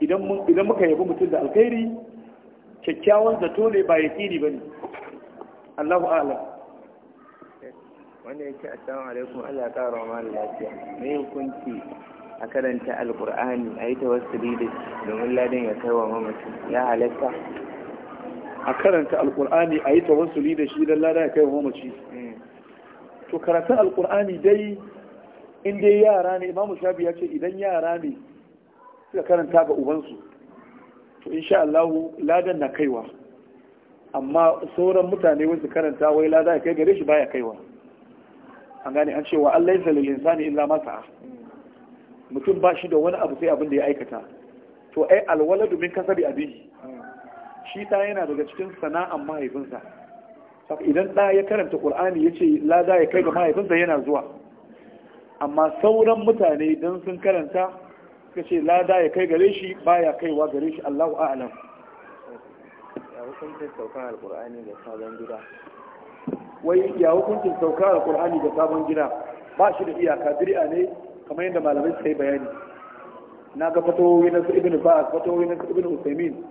idan muka yabi mutum da alkhairi kyakkyawan zato ne ba yaƙini ba ne Allahu a'lam wanda ya ce assalamu alaikum Allah ya kara wa lafiya me hukunci a karanta alkur'ani a yi tawassuli da shi domin ladin ya kai wa mamaci ya halatta a karanta alkur'ani a yi tawassuli da shi don ladin ya kai wa mamaci hmm. to karatun alkur'ani dai in dai yara ne imamu shafi ya ce idan yara ne suka karanta ga ubansu to insha Allah ladan na kaiwa amma sauran mutane wasu karanta wai lada ya kai gare shi baya kaiwa an gane an cewa Allah ya lil insani illa ma sa'a mutum ba shi da wani abu sai abin da ya aikata to ai alwaladu min kasabi abihi shi ta yana daga cikin sana'an mahaifinsa idan da ya karanta ƙur'ani ya ce lada ya kai ga mahaifinsa yana zuwa amma sauran mutane idan sun karanta suka ce lada ya kai gare shi baya kaiwa gare shi allahu a'alam ya hukuntar saukan alqur'ani da sabon gida wai ya hukuncin sauka alkur'ani da sabon gida ba shi da iyaka bid'a ne kamar yadda malamai suka yi bayani na ga fatawowi na su ibn ba'az fatawowi na su ibn usaimin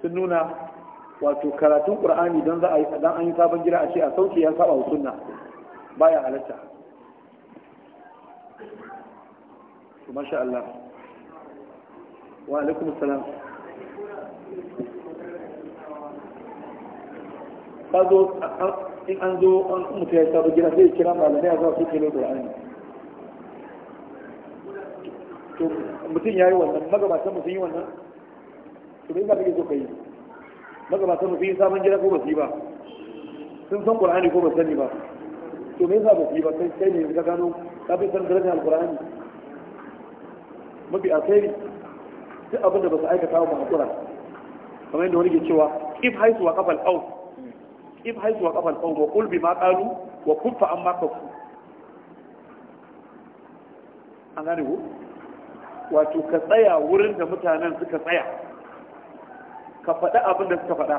sun nuna wato karatun qur'ani don za a yi dan an yi sabon gida a ce a sauke ya saba wa sunna baya halatta to masha Allah wa alaikum ka zo in an zo an mutu ya sabu gina sai kira malamai a za su kilo Qur'ani to mutum ya yi wannan magabatan mutum yi wannan to bai za ka so ka yi magabatan mutum yi sabon gina ko ba su yi ba sun san ƙur'ani ko ba sani ba to me yasa ba su yi ba sai sai ne ga gano ka fi san darajar al mafi asiri duk abin da ba su aikata ba hakura kamar yadda wani ke cewa if haisu wa kafal out kif haizu wa kafal qawm wa qul bima qalu wa kuffa amma kafu an gane ku wato ka tsaya wurin da mutanen suka tsaya ka faɗa abin da suka faɗa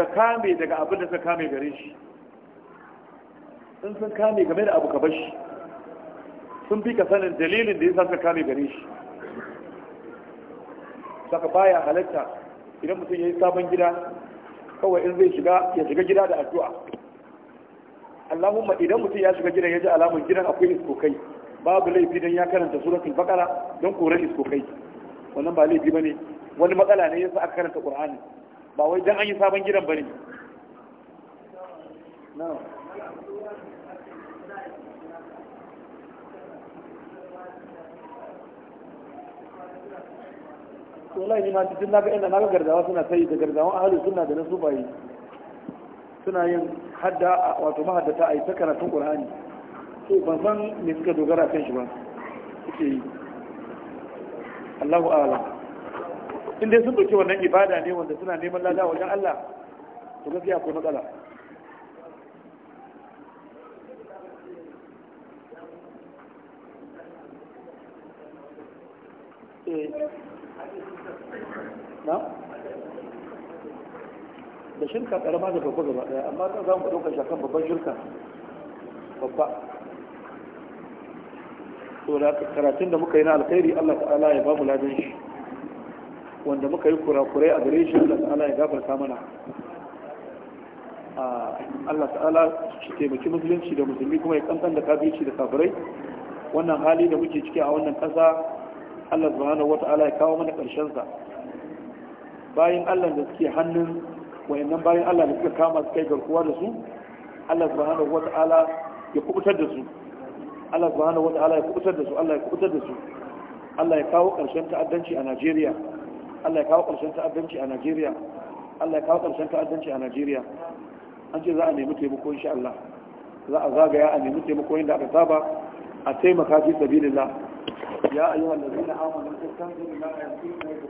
ka kame daga abin da suka kame gare shi in sun kame game da abu ka bashi sun fi ka sanin dalilin da ya sa suka kame gare shi saka baya halatta idan mutum ya yi sabon gida kawai in zai shiga ya shiga gida da addu'a Allahumma idan mutum ya shiga gidan ya ji alamun gidan akwai iskokai babu laifi dan ya karanta suratul baqara don koran iskokai wannan ba laifi bane wani matsala ne yasa aka karanta qur'ani ba wai dan an yi sabon gidan bane na'am to wallahi ni ma duk na ga ina na ga gardawa suna sai da gardawan ahli sunna da na sufayi suna yin hadda wato mahaddata a yi ta karatun qur'ani to ban san me suka dogara kan shi ba suke yi Allahu a'lam in dai sun dauki wannan ibada ne wanda suna neman lada wajen Allah to gaskiya ko matsala you. Eh. na da shirka karama da babba gaba daya amma kan za mu ɗauka shakan babban shirka babba to da karatun da muka yi na alkhairi Allah ta'ala ya ba mu ladan shi wanda muka yi kurakurai a gare shi Allah ta'ala ya gafarta mana Allah ta'ala shi taimaki musulunci da musulmi kuma ya kankan da kafirci da kafirai wannan hali da muke ciki a wannan ƙasa Allah subhanahu ta'ala ya kawo mana ƙarshen sa bayan Allah da suke hannun wayannan bayan Allah da suka kama su kai garkuwa da su Allah subhanahu wata'ala ya kubutar da su Allah subhanahu wata'ala ya kubutar da su Allah ya kubutar da su Allah ya kawo ƙarshen ta'addanci a Najeriya Allah ya kawo ta'addanci a Najeriya Allah ya kawo ta'addanci a Najeriya an ce za a nemi taimako insha Allah za a zagaya a nemi taimako yadda aka saba a taimaka fi sabilillah ya ayyuhal ladzina amanu tastanzilu la yanfiqu